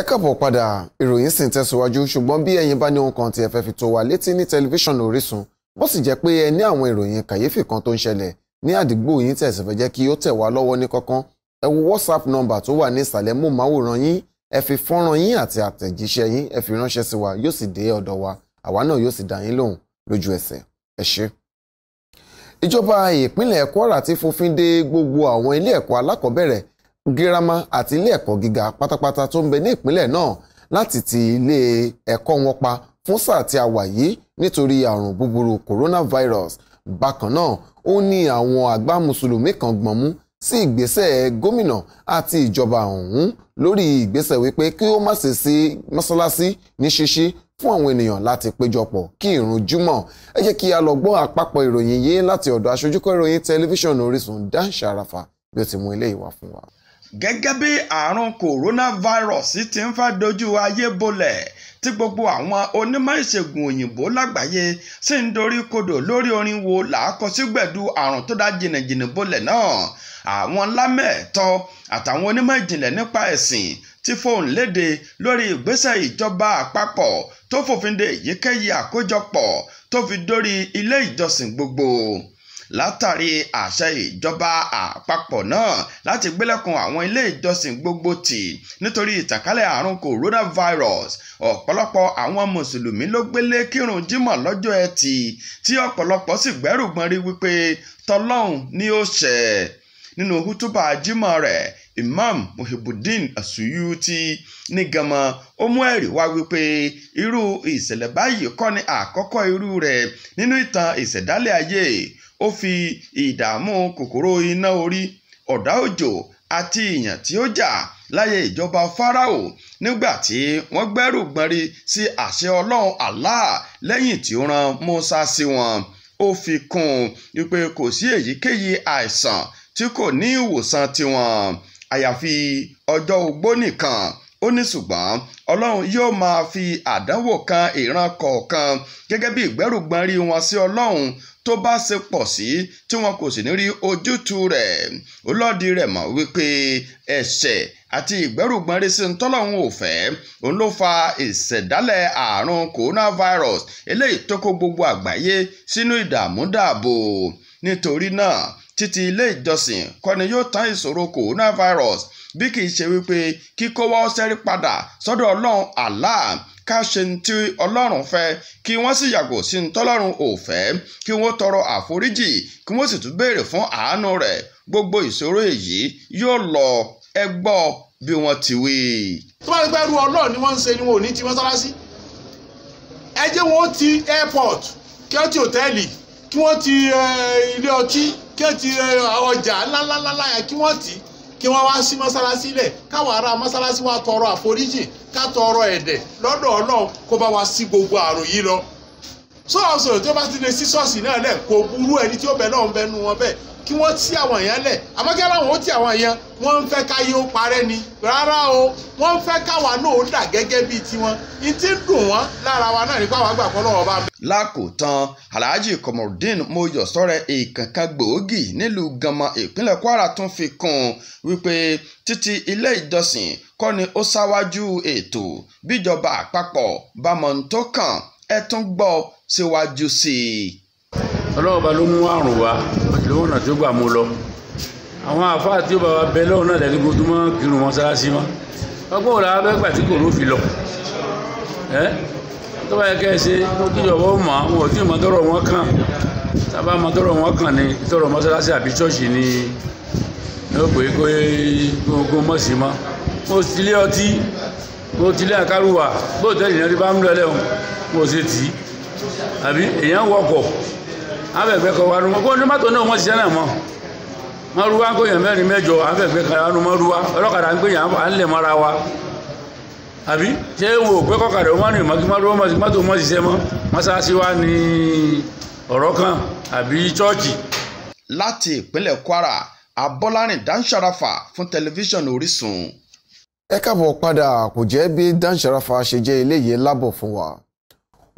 ẹ káàbọ̀ padà ìròyìn sì ń tẹ̀síwájú ṣùgbọ́n bí ẹ̀yin bá ní ohun kan tí ẹ fẹ́ fi tó wa létí ní tẹlifíṣàn Orísun bó sì jẹ́ pé ẹ ní àwọn ìròyìn kàyéfì kan tó ń ṣẹlẹ̀ ní àdúgbò yín tẹ̀sí fẹ́ jẹ́ kí ó tẹ̀ wá lọ́wọ́ ní kọ́kán ẹ wo WhatsApp number tó wà ní ìsàlẹ̀ móhùnmáwòrán yín ẹ fi fọ́nrán yín àti àtẹ̀jíṣẹ́ yín ẹ fi ránṣẹ́ sí wa yóò sì dé ọ̀dọ̀ wa àwa náà yóò sì dá yín lóhùn lójú ẹsẹ̀ ẹ ṣé. ìjọba ìpínlẹ̀ Kwara ti fòfin de gbogbo àwọn ilé ẹ̀kọ́ alákọ̀ọ́bẹ̀rẹ̀ girama àti ilé ẹ̀kọ́ gíga pátápátá tó ń bẹ ní ìpínlẹ̀ náà láti ti ilé ẹ̀kọ́ wọn pa fún sáà tí a wà yìí nítorí àrùn búburú coronavirus bákan náà ó ní àwọn àgbà mùsùlùmí kan gbọ̀nmú sí ìgbésẹ̀ gómìnà àti ìjọba ọ̀hún lórí ìgbésẹ̀ wípé kí ó má ṣe sí mọ́ṣáláṣí ní ṣíṣí fún àwọn ènìyàn láti péjọpọ̀ kí ìrun júmọ̀ ẹ jẹ́ kí a lọ gbọ́ àpapọ̀ ìròyìn yìí láti ọ̀dọ̀ aṣojúkọ ìròyìn tẹlifíṣàn Orísun Dan Sharafa bí ó ti mú eléyìí wá fún wa gẹ́gẹ́ bí àrùn coronavirus ti ń fẹ́ dojú ayé bolẹ̀ tí gbogbo àwọn onímọ̀ ìṣègùn òyìnbó lágbàáyé sì ń dorí kodò lórí orin wo làákọsígbẹ̀dù àrùn tó dá jìnnìjìnnì bolẹ̀ náà àwọn lámẹ̀ẹ̀tọ́ àtàwọn onímọ̀ ìjìnlẹ̀ nípa ẹ̀sìn tí fóun léde lórí ìgbésẹ̀ ìjọba àpapọ̀ tó fòfin de èyíkéyìí àkójọpọ̀ tó fi dórí ilé ìjọsìn gbogbo látàrí àṣẹ ìjọba àpapọ̀ náà láti gbélẹ̀kùn àwọn ilé ìjọsìn gbogbo tì nítorí ìtànkálẹ̀ àrùn coronavirus ọ̀pọ̀lọpọ̀ àwọn mùsùlùmí ló gbélé kírun jímọ̀ lọ́jọ́ ẹtì tí ọ̀pọ̀lọpọ̀ sì gbẹ́rù gbọ́n rí wípé tọlọ́hun ni ó ṣẹ̀ nínú hútùbà jímọ̀ rẹ̀ Imam Muhibudin Asuyuti ní gànmọ́ ó mú ẹ̀rí wá wípé irú ìṣẹ̀lẹ̀ báyìí kọ́ ni àkọ́kọ́ irú rẹ̀ nínú ìtàn ìṣẹ̀dálẹ̀ ayé ó fi ìdààmú kòkòrò iná orí ọ̀dá òjò àti ìyàn tí ó jà láyé ìjọba Fáráò nígbà tí wọ́n gbẹ́rù gbọ́nrí sí àṣẹ Ọlọ́run Allah lẹ́yìn tí ó rán Mùsá sí wọn ó fi kún un wípé kò sí èyíkéyìí àìsàn tí kò ní ìwòsàn tiwọn àyàfi ọjọ́ ogbó nìkan ó ní ṣùgbọ́n ọlọ́run yóò máa fi àdánwò kan ìran kọ̀ọ̀kan gẹ́gẹ́ bí ìgbẹ́rùgbọ́n rí wọn sí ọlọ́run tó bá ṣe pọ̀ sí tí wọn kò sì ní rí ojútùú rẹ̀ olóòdì rẹ̀ mọ̀ wípé ẹ̀ṣẹ̀ àti ìgbẹ́rùgbọ́n rí sí ntọ́lọ́hún òfẹ́ òun ló fa ìṣẹ̀dálẹ̀ àrùn coronavirus eléyìí tó kó gbogbo àgbáyé sínú ìdààmúdààbò nítorí náà títí ilé ìjọsìn kọ́ni yóò tán ìṣòro coronavirus bí kì ṣe wípé kíkówó sẹ́rí padà sọ́dọ̀ ọlọ́run Allah ká ṣe ń tí ọlọ́run fẹ́ kí wọ́n sì yàgò sí ń tọ́lọ́run ò kí wọ́n tọrọ àforíjì kí wọ́n sì tún béèrè fún àánú rẹ̀ gbogbo ìṣòro èyí yóò lọ ẹ bí wọ́n ti wí. tó bá rí pé ọlọ́run ni wọ́n ń ṣe ni wọn ò ní ti mọ́sálásí ẹ jẹ́ wọn ó ti airport kí wọ́n ti hòtẹ́ẹ̀lì kí wọ́n ti eh, ilé ọtí kí wọ́n ti eh, ọjà ńláńláńlá kí wọ́n ti kí wọ́n wá sí mọ́sálásí lẹ̀ káwọn ará mọ́sálásí wa tọrọ àforíjì ká tọrọ ẹ̀dẹ̀ lọ́dọ̀ Ọlọ́run kó bá wa sí gbogbo àrùn yìí lọ sọ̀rọ̀sọ̀rọ̀ tí ó bá ti lè sí ṣọ́ọ̀ṣì náà lẹ̀ kò burú ẹni tí ó bẹ̀ náà ń bẹnu wọn bẹ́ẹ̀ kí wọ́n tí àwọn èèyàn lẹ̀ àmọ́kẹ́ láwọn ó tí àwọn èèyàn wọ́n ń fẹ́ káyé ó parẹ́ ni rárá o wọ́n ń fẹ́ káwa náà ó dà gẹ́gẹ́ bíi tiwọn ní ti dùn wọ́n lára wa náà nípa àwọn àgbàpọ̀ lọ́wọ́ bá mi. lákòótán alhaji komorudeen mojosọrẹ ìkànkan gbòógì nílùú ganmọ ìpínlẹ̀ kwara tún fi kún un wípé títí ilé ìjọsìn kọ́ ó ṣáwájú ètò bíjọba àpapọ̀ bámọ̀ ń tó kàn ẹ tún gbọ́ síwájú sí i. ọlọ́run ba ló mú àrùn wá pẹ̀lú ọ̀nà tó gbà mú lọ àwọn àfáà tí ó bá wa bẹ lọ́wọ́ náà dàbí gbogbo tó máa ń kírun wọn sára sí wọn ọgbọ́n òun làwọn abẹ́gbà tí kò ló fi lọ ẹ́ tó bá yẹ kẹ́ ẹ ṣe kó kíjọba ó mọ̀ àwọn òtí ìmọ̀ tọrọ wọn kàn tábà mọ̀ tọrọ wọn kàn ní tọrọ mọ́sálásí àbí ṣọ́ọ̀ṣì ni ó pè é kó kó mọ̀ mọ́ mo ti lé ọtí mo ti lé àkárùwà bóòtẹ́ẹ̀lì náà ti bá ń lọ ẹlẹ́wọ̀n kó o ṣe tì í àbí èèyàn wọkọ̀ abẹ́gbẹ́ kan wánú kó ní mọ́tò náà wọ́n ṣiṣẹ́ náà mọ́ mọ́rúwá ń gbèyàn mẹ́rin mẹ́jọ abẹ́gbẹ́ kan wánú mọ́rúwá ọlọ́kadà ń gbèyàn à ń lẹ̀ mọ́ra wa àbí ṣé wò pé kọ́kadà wọn rìn mọ́kí mọ́rúwá mọ́tò wọ́n ṣiṣẹ́ mọ́ mọ́ṣáláṣí wa ní ọ̀rọ̀ kan àbí chọ́ọ̀chì. láti ìpínlẹ̀ Kwara Abọ́lárìn Dáńsáráfà fún tẹlifíṣàn Orísun. ẹ káàbọ̀ padà kò jẹ́ bí Dáńsáráfà ṣe jẹ́ eléyìí lábọ̀ fún wa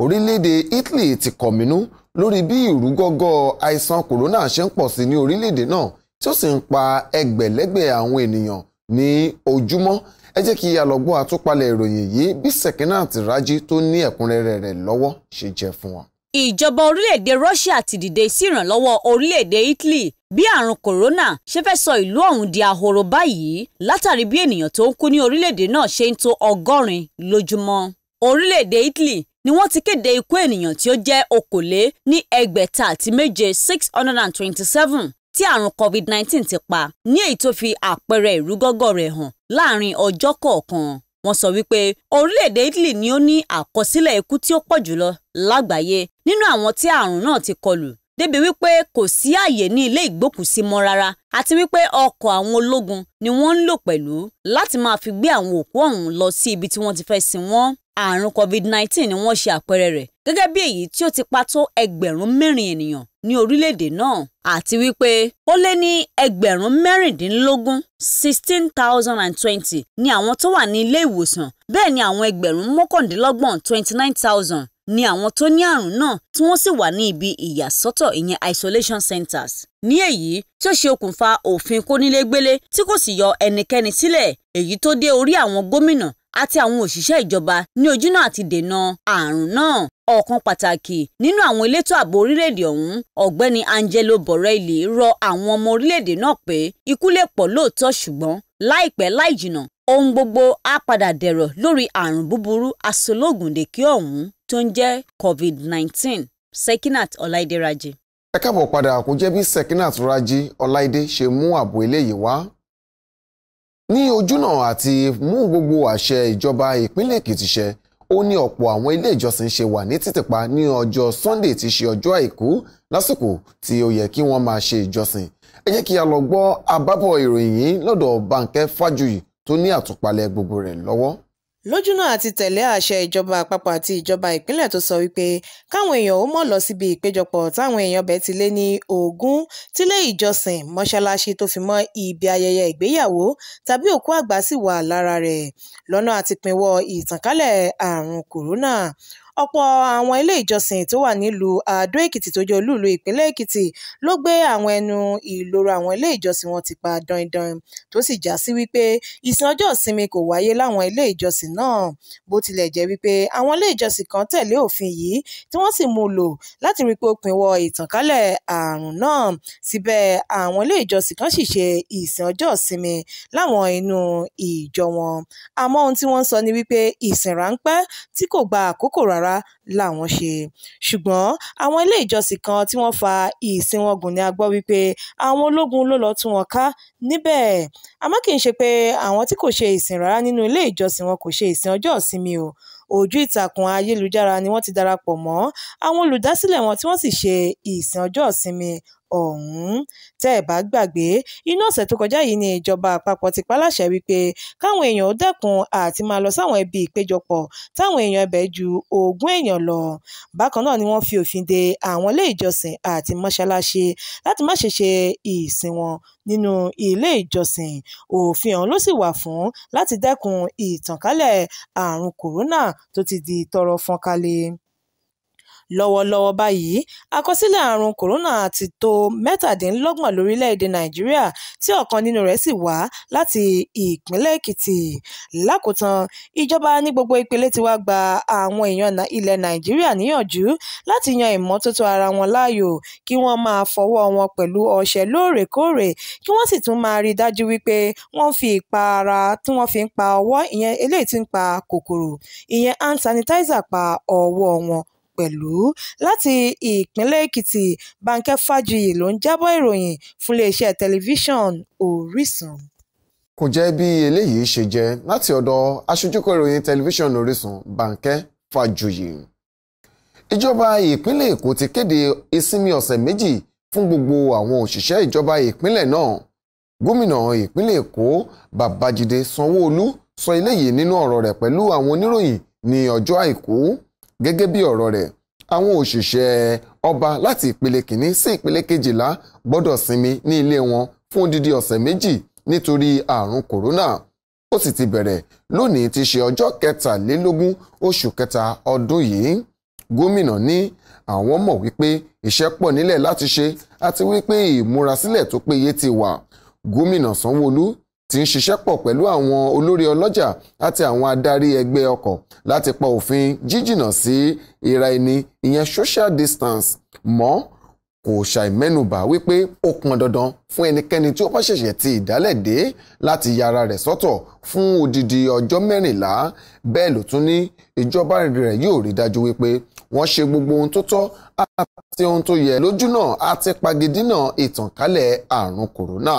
orílẹ̀-èdè Italy ti kọ̀mínú lórí bí ìrúgọ́gọ́ àìsàn kòrónà ṣe ń pọ̀ sí ní orílẹ̀-èdè náà tí ó sì ń pa ẹgbẹ̀lẹ́gbẹ̀ àwọn ènìyàn ní ojúmọ́ ẹ jẹ́ kí a lọ gbọ́ àtúpalẹ̀ ìròyìn yìí bí Sekinat Raji tó ní ẹ̀kúnrẹ́rẹ́ rẹ̀ lọ́wọ́ ṣe jẹ́ fún wa. Ìjọba orílẹ̀-èdè Russia ti dìde sí ìrànlọ́wọ́ orílẹ̀-èdè Italy bí àrùn kòrónà ṣe fẹ́ sọ ìlú ọ̀hún di ahoro báyìí látàrí bí ènìyàn tó ń kú ní orílẹ̀-èdè náà ṣe ń tó ọgọ́rin lójúmọ́. Orílẹ̀-èdè Italy ni wọ́n ti kéde ikú ènìyàn tí ó jẹ́ okòólé ní ẹgbẹ̀ta àti méje six hundred and twenty-seven tí àrùn covid nineteen ti pa ní èyí tó fi àpẹẹrẹ ìrúgọ́gọ́ rẹ̀ hàn láàrin ọjọ́ kọ̀ọ̀kan wọ́n sọ wípé orílẹ̀-èdè Italy ni ó ní àkọsílẹ̀ ikú tí ó pọ̀ jùlọ lágbàáyé nínú àwọn tí àrùn náà ti kọlù débi wípé kò sí àyè ní ilé ìgbókùsí mọ́ rárá àti wípé ọkọ̀ àwọn ológun ni wọ́n ń lò pẹ̀lú láti máa fi gbé àwọn òkú ọ̀hún lọ sí ibi tí wọ́n ti fẹ́ sin wọ́n àrùn covid-19 ni wọ́n ṣe àpẹẹrẹ rẹ̀ gẹ́gẹ́ bí èyí tí ó ti pa tó ẹgbẹ̀rún mẹ́rin ènìyàn ní orílẹ̀-èdè náà àti wípé ó lé ní ẹgbẹ̀rún mẹ́rìndínlógún sixteen thousand and twenty ni àwọn tó wà ní ilé ìwòsàn bẹ́ẹ̀ ni àwọn ẹgbẹ̀rún mọ́kàndínlọ́gbọ̀n twenty nine thousand ni àwọn tó ní àrùn náà tí wọ́n sì wà ní ibi ìyàsọ́tọ̀ ìyẹn isolation centers. ní èyí tí ó ṣe okùnfà òfin kónílégbélé tí kò sì yọ ẹnikẹ́ni sílẹ̀ èyí tó dé orí àwọn gómìnà àti àwọn òṣìṣẹ́ ìjọba ní ojúnà àti dènà àrùn náà ọ̀kan pàtàkì nínú àwọn elétò ààbò orílẹ̀-èdè ọ̀hún ọ̀gbẹ́ni Angelo Borrelli rọ àwọn ọmọ orílẹ̀-èdè náà pé ikú lè pọ̀ lóòótọ́ ṣùgbọ́n láìpẹ́ láìjìnà ohun gbogbo á padà dẹ̀rọ̀ lórí àrùn búburú asológùndèkí ọ̀hún tó ń jẹ́ COVID-19 Sekinat Ọláìdé Rájí. ẹ káàbọ̀ padà kò jẹ́ bí Sekinat Rájí Ọláìdé ṣe mú àbò eléyìí wá. ní ojúnà àti mú gbogbo àṣẹ ìjọba ìpínlẹ̀ Èkìtì ṣẹ ó ní ọ̀pọ̀ àwọn ilé ìjọsìn ṣe wà ní títìpa ní ọjọ́ Sunday tí ṣe ọjọ́ àìkú lásìkò tí ó yẹ kí wọ́n máa ṣe ìjọsìn ẹ jẹ́ kí a lọ gbọ́ àbábọ̀ ìròyìn yìí lọ́dọ̀ Bánkẹ́ Fájuyì tó ní àtúpalẹ̀ gbogbo rẹ̀ lọ́wọ́ lójúnà àti tẹ̀lé àṣẹ ìjọba àpapọ̀ àti ìjọba ìpínlẹ̀ tó sọ wípé káwọn èèyàn ó mọ̀ lọ síbi ìpéjọpọ̀ táwọn èèyàn bẹ́ẹ̀ ti lé ní ogún tílé ìjọsìn mọ́ṣáláṣí tó fi mọ́ ibi ayẹyẹ ìgbéyàwó tàbí òkú àgbà sì wà lára rẹ̀ lọ́nà àti pinwọ́ ìtànkálẹ̀ àrùn kòrónà ọ̀pọ̀ àwọn ilé ìjọsìn tó wà nílùú àdó-èkìtì tó jẹ́ olú ìlú ìpínlẹ̀ èkìtì ló gbé àwọn ẹnu ìloro àwọn ilé ìjọsìn wọn ti pa daindain tó sì já sí wípé ìsìn ọjọ́ ìsinmi kò wáyé láwọn ilé ìjọsìn náà bó tilẹ̀ jẹ́ wípé àwọn ilé ìjọsìn kan tẹ̀lé òfin yìí tí wọ́n sì mú lò láti rí pé ó pinwọ́ ìtànkálẹ̀ àrùn náà síbẹ̀ àwọn ilé ìjọsìn kan sì ṣe ìsìn ọjọ́ ìsinmi láwọn inú ìjọ wọn àmọ́ ohun tí wọ́n sọ ni wípé ìsìn ráńpẹ́ tí kò gba àkókò rárá ará làwọn ṣe ṣùgbọ́n àwọn ilé ìjọsìn kan tí wọ́n fa ìsìn wọn gùn ni a gbọ́ wípé àwọn ológun ló lọ́ọ́ tú wọn ká níbẹ̀ àmọ́ kì í ṣe pé àwọn tí kò ṣe ìsìn rárá nínú ilé ìjọsìn wọn kò ṣe ìsìn ọjọ́ ìsinmi o ojú ìtàkùn ayélujára ni wọ́n ti darapọ̀ mọ́ àwọn olùdásílẹ̀ wọn tí wọ́n sì ṣe ìsìn ọjọ́ ìsinmi ọ̀hún. tẹ́ ẹ bá gbàgbé inú ọ̀sẹ̀ tó kọjá yìí ni ìjọba àpapọ̀ ti paláṣẹ wípé káwọn èèyàn ó dẹ́kun àti máa lọ sáwọn ibi ìpéjọpọ̀ táwọn èèyàn ibẹ̀ ju ogún èèyàn lọ. bákan náà ni wọ́n fi òfin de àwọn ilé ìjọsìn àti mọ́ṣáláṣí láti má ṣe ṣe ìsìn wọn nínú ilé ìjọsìn òfin ọ̀hún ló sì wà fún láti dẹ́kun ìtànkálẹ̀ àrùn kòrónà tó ti di tọrọ fọ́nká lé lọ́wọ́lọ́wọ́ báyìí àkọsílẹ̀ àrùn kòrónà ti tó mẹ́tàdínlọ́gbọ̀n lórílẹ̀‐èdè nàìjíríà tí ọ̀kan nínú rẹ̀ sì wá láti ìpínlẹ̀ èkìtì lákòótán ìjọba ní gbogbo ìpele ti wá gba àwọn èèyàn ilẹ̀ nàìjíríà níyànjú láti yan ìmọ́tótó ara wọn láàyò kí wọ́n máa fọwọ́ wọn pẹ̀lú ọṣẹ lóòrèkóòrè kí wọ́n sì tún máa rí dájú wípé wọ́n fi ìpara tí wọ́n fi ń pa ọwọ́ ìyẹn eléyìí tí ń pa kòkòrò ìyẹn hand sanitizer pa ọwọ́ wọn pẹ̀lú. Láti ìpínlẹ̀ Èkìtì, Bánkẹ́ Fájuyì ló ń jábọ̀ ìròyìn fún iléeṣẹ́ tẹlifíṣàn Orísun. Kò jẹ́ bí eléyìí ṣe jẹ́ láti ọ̀dọ̀ aṣojúkọ̀ ìròyìn tẹlifíṣàn Orísun Bánkẹ́ Fájuyì. Ìjọba ìpínlẹ̀ Èkó ti kéde ìsinmi ọ̀sẹ̀ méjì fún gbogbo àwọn òṣìṣẹ́ ìjọba ìpínlẹ̀ náà gómìnà ìpínlẹ̀ èkó babájídé sanwóolu sọ eléyìí nínú ọ̀rọ̀ rẹ̀ pẹ̀lú àwọn oníròyìn ní ọjọ́ àìkú gẹ́gẹ́ bí ọ̀rọ̀ rẹ̀ àwọn òṣìṣẹ́ ọba láti ìpele kìíní sí ìpele kejìlá gbọ́dọ̀ sinmi ní ilé wọn fún odidi ọ̀sẹ̀ méjì nítorí àrùn kòrónà ó sì ti bẹ̀rẹ̀ lónìí ti ṣe ọjọ́ kẹtàlélógún oṣù kẹta ọdún yìí gómìnà ní àwọn mọ̀ wípé iṣẹ́ pọ̀ nílẹ̀ láti ṣe àti wípé ìmúrasílẹ̀ tó péye ti wà gómìnà sanwó ti ń ṣiṣẹ́ pọ̀ pẹ̀lú àwọn olórí ọlọ́jà àti àwọn adarí ẹgbẹ́ ọkọ̀ láti pa òfin jíjìnà sí ìra ẹni ìyẹn social distance mọ́ kò ṣàìmẹ́nubà wípé ó pọn dandan fún ẹnikẹ́ni tí ó bá ṣẹ̀ṣẹ̀ ti ìdálẹ̀ dé láti yára rẹ̀ sọ́tọ̀ fún odidi ọjọ́ mẹ́rìnlá bẹ́ẹ̀ ló tún ní ìjọba rẹ̀ yóò rí dájú wípé wọ́n ṣe gbogbo ohun tó tọ́ àti ohun tó yẹ lójúnà àti pagidínà ìtànkálẹ̀ àrùn kòrónà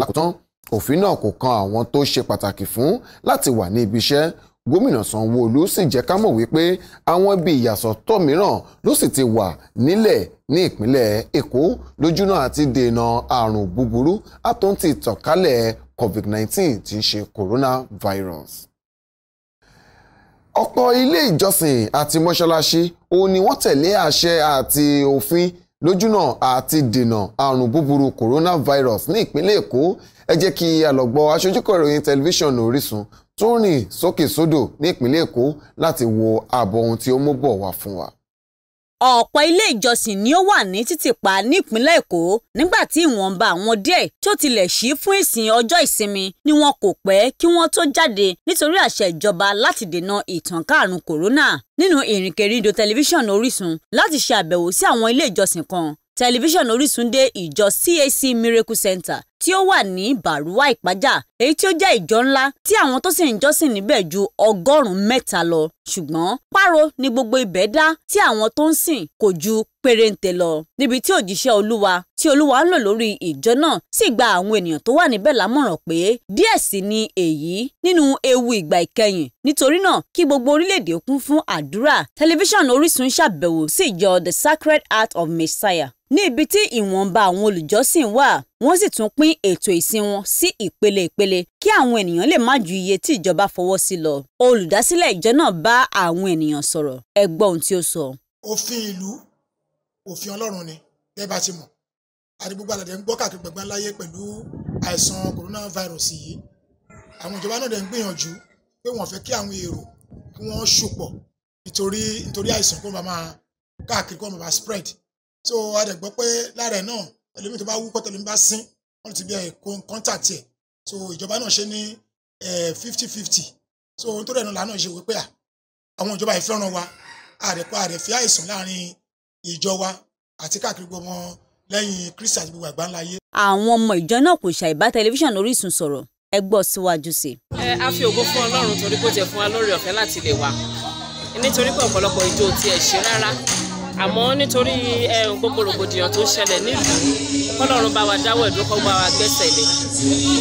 lákòótán òfin náà kò kan àwọn tó ṣe pàtàkì fún láti wà ní ibi iṣẹ́ gómìnà sanwóolu sì jẹ́ ká mọ̀ wípé àwọn ibi ìyàsọ́tọ̀ mìíràn ló sì ti wà nílẹ̀ ní ìpínlẹ̀ èkó lójúnà àti dènà àrùn búburú àtúntì ìtànkálẹ̀ covid-19 tí í ṣe coronavirus ọ̀pọ̀ ilé ìjọsìn àti mọ́ṣáláṣí òun ni wọ́n tẹ̀lé àṣẹ àti òfin lójúnà àti dènà àrùn búburú coronavirus ní ìpínlẹ̀ èkó ẹ jẹ́ kí a lọ gbọ́ aṣojúkọ̀ ìròyìn tẹlifíṣàn Orísun tó rìn sókè sódò ní ìpínlẹ̀ Èkó láti wo ààbọ̀ ohun tí ó mú bọ̀ wá fún wa. Ọ̀pọ̀ ilé ìjọsìn ni ó wà ní títìpa nípínlẹ̀ Èkó nígbà tí ìwọ̀nba àwọn díẹ̀ tó tilẹ̀ ṣí fún ìsìn ọjọ́ ìsinmi ni wọn kò pẹ́ kí wọ́n tó jáde nítorí àṣẹ ìjọba láti dènà ìtànká àrùn kòrónà nínú ìrìnkèrindò tẹlifíṣàn Orísun láti ṣe àbẹ̀wò sí àwọn ilé ìjọsìn kan tẹlifíṣàn Orísun dé ìjọ CAC Miracle Center tí ó wà ní Bàrúwà Ìpájà èyí tí ó jẹ́ ìjọ ńlá tí àwọn tó sì ń jọ́sìn níbẹ̀ ju ọgọ́rùn-ún lọ ṣùgbọ́n páro ni gbogbo ibẹ̀ dá tí àwọn tó ń sìn kò ju péréńte lọ níbi tí òjíṣẹ́ olúwa tí olúwa ń lò lórí ìjọ náà sì gba àwọn ènìyàn tó wà níbẹ̀ lámọ̀ràn pé díẹ̀ sí ni èyí nínú ewu ìgbà ìkẹyìn nítorí náà kí gbogbo orílẹ̀-èdè kún fún àdúrà tẹlifíṣàn Orísun ṣàbẹ̀wò sí ìjọ The Sacred Heart of Messiah ní ibi tí ìwọ̀nba àwọn olùjọ́sìn wà wọ́n sì tún pín ètò ìsìn wọn sí ìpele ìpele kí àwọn ènìyàn lè má ju iye tí ìjọba fọwọ́ sí lọ. olùdásílẹ̀ ìjọ náà bá àwọn ènìyàn sọ̀rọ̀ ẹ gbọ́ ohun tí ó sọ. òfin ìlú òfin ọlọ́run ni bẹ́ẹ̀ bá ti mọ̀ àdìgbò gbàlà dẹ̀ ń gbọ́ káàkiri gbẹ̀gbẹ́ láyé pẹ̀lú àìsàn coronavirus yìí àwọn ìjọba náà dẹ̀ ń gbìyànjú pé wọ́n fẹ́ kí àwọn èrò kí wọ́n ṣùpọ̀ nítorí nítorí àìsàn kó máa káàkiri kó máa spread so a dẹ̀ gbọ́ pé lára ẹ̀ náà ẹlòmíì tó bá wúkọ́ tẹlòmíì bá sín wọ́n ti bí kọ́ńtà tiẹ̀ so ìjọba náà ṣe ní fifty fifty so ohun tó rẹ̀ náà lánàá ṣe wípé àwọn ìjọba ìfẹ́ràn wa àrẹ̀pọ̀ àrẹ̀fẹ́ àìsàn láàrin ìjọ wa àti káàkiri gbọmọ lẹ́yìn kristi àti gbogbo àgbáńlá ayé. àwọn ọmọ ìjọ náà kò ṣàìbá tẹlifíṣàn Orísun sọ̀rọ̀ ẹ gbọ́ síwájú sí i. ẹ a fi ògo fún Ọlọ́run torí kó jẹ fún wa lórí ọ̀fẹ́ láti lè wá nítorí pé ọ̀pọ̀lọpọ̀ ìjọ ò tiẹ̀ ṣe rárá àmọ́ nítorí gbogbo rògbòdìyàn tó ń ṣẹlẹ̀ nílùú kọ́lọ́run bá wa dáwọ́ ìdókọ́ bá wa gbẹ́sẹ̀ lé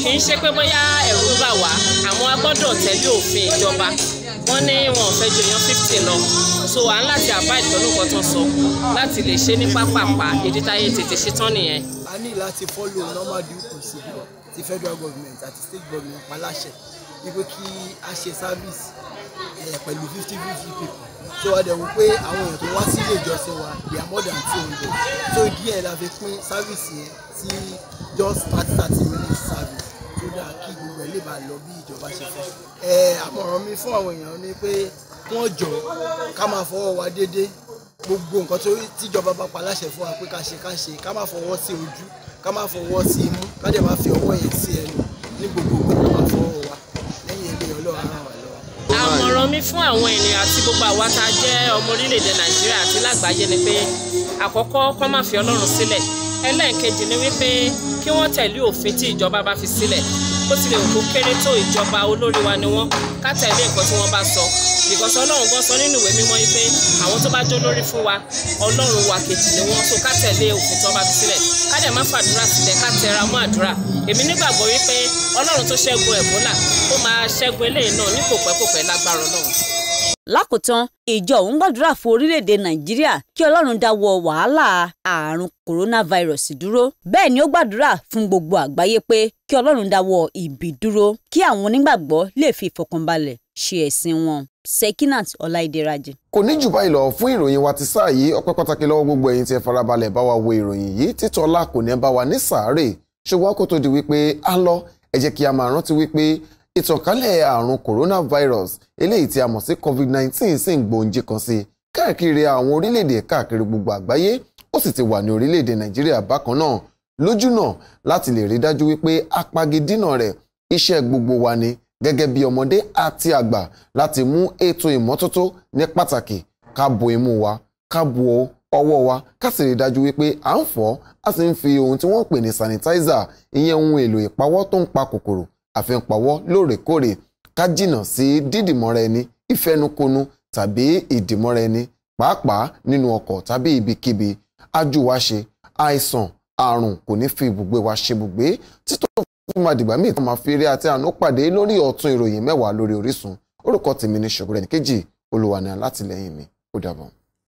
kì í ṣe pé bóyá ẹ̀rù bà wá àmọ́ a gbọ́dọ̀ tẹ̀lé òfin ìjọba wọ́n ní wọn ò fẹ́ ju èèyàn fifty lọ so à ń láti àbá ìtọ́nú kan tó sọ láti lè ṣe ní pápápá èdè táyé tètè ṣe tán nìyẹn. a ní láti follow normal due procedure ti federal government àti state government paláṣẹ wípé kí a ṣe service eh, pẹ̀lú fifty fifty people so a dẹ̀ wò pé àwọn èèyàn tó wá sí ilé ìjọsìn wa they are more than two hundred so díẹ̀ la fi pín service yẹn sí just thirty thirty minutes service tó dáa kí gbogbo ẹ̀ lè bá lọ bí ìjọba ṣe fẹ́. ẹ eh, àmọ̀ràn mi fún àwọn èèyàn ni pé wọ́n jọ ká máa fọwọ́ wa déédéé gbogbo nǹkan tó tíjọba bá pa láṣẹ fún wa pé ká ṣe ká ṣe ká má fọwọ́ sí ojú ká má fọwọ́ sí imú ká dẹ̀ má fi ọwọ́ yẹn sí ẹnu ní gbogbo ìgbà ìmọ̀ràn mi fún àwọn ènìyàn àti gbogbo àwa tá a jẹ́ ọmọ orílẹ̀-èdè nàìjíríà àti lágbàáyé ni pé àkọ́kọ́ kọ́ má fi ọlọ́run sílẹ̀ ẹlẹ́ẹ̀kejì ni wípé kí wọ́n tẹ̀lé òfin tí ìjọba bá fi sílẹ̀ bó tilẹ̀ òkú kéré tó ìjọba olórí wa ni wọ́n ká tẹ̀lé nǹkan tí wọ́n bá sọ because ọlọ́run gan sọ nínú ìwé mímọ́ yìí pé àwọn tó bá jó lórí fún wa ọlọ́run wa kejì ni wọ́n so ká tẹ̀lé òfin tó bá fi sílẹ̀ ká dẹ̀ má fàdúrà sílẹ̀ ká tẹra mọ́ àdúrà èmi nígbàgbọ́ wípé ọlọ́run tó ṣẹ́gun ẹ̀bólà náà ní lákòótán ìjọ òun gbàdúrà fún orílẹ̀-èdè nàìjíríà kí ọlọ́run dáwọ́ wàhálà ààrùn coronavirus dúró bẹ́ẹ̀ ni ó gbàdúrà fún gbogbo àgbáyé pé kí Ọlọ́run dáwọ́ ibi dúró kí àwọn onígbàgbọ́ lè fi ìfọkànbalẹ̀ ṣe ẹ̀sìn wọn Sekinat Ọláìdẹ́rajì. kò ní jù báyìí lọ fún ìròyìn wa ti sáà yìí ọpẹ́ pàtàkì lọ́wọ́ gbogbo ẹ̀yin tí ẹ farabalẹ̀ bá wa wo ìròyìn yìí títọ́lá kò ní bá wa ní sàárè ṣùgbọ́n kó tó di wípé a lọ ẹ jẹ́ kí a máa rántí wípé ìtànkálẹ̀ àrùn coronavirus eléyìí tí a mọ̀ sí covid-19 sì ń gbòǹjì kan sí káàkiri àwọn orílẹ̀-èdè káàkiri gbogbo àgbáyé ó sì ti wà ní orílẹ̀-èdè Nàìjíríà bákan náà lójúnà láti lè rí dájú wípé apagidínà rẹ̀ iṣẹ́ gbogbo wa ni gẹ́gẹ́ bí ọmọdé àti àgbà láti mú ètò ìmọ́tótó ní pàtàkì ká bo imú wa ká bo ọwọ́ wa ká sì rí dájú wípé à ń fọ̀ a sì ń fi ohun tí wọ́n pè ní sanitizer ìyẹn ohun èlò ìpawọ́ tó ń pa kòkòrò àfi ń pawọ́ lóòrèkóòrè ká jìnà sí dídìmọ́ra ẹni ìfẹnukonu tàbí ìdìmọ́ra ẹni pàápàá nínú ọkọ̀ tàbí ibikíbi ajúwàṣe àìsàn àrùn kò ní fi ibùgbé wa ṣe ibùgbé títọ́ fún madìgbà míì tó máa fi eré àti àánú pàdé lórí ọ̀tún ìròyìn mẹ́wàá lórí Orísun orúkọ tèmi ní ṣògbọ́n ẹnìkejì olùwànà látìlẹ́yìn mi ó dàbọ̀.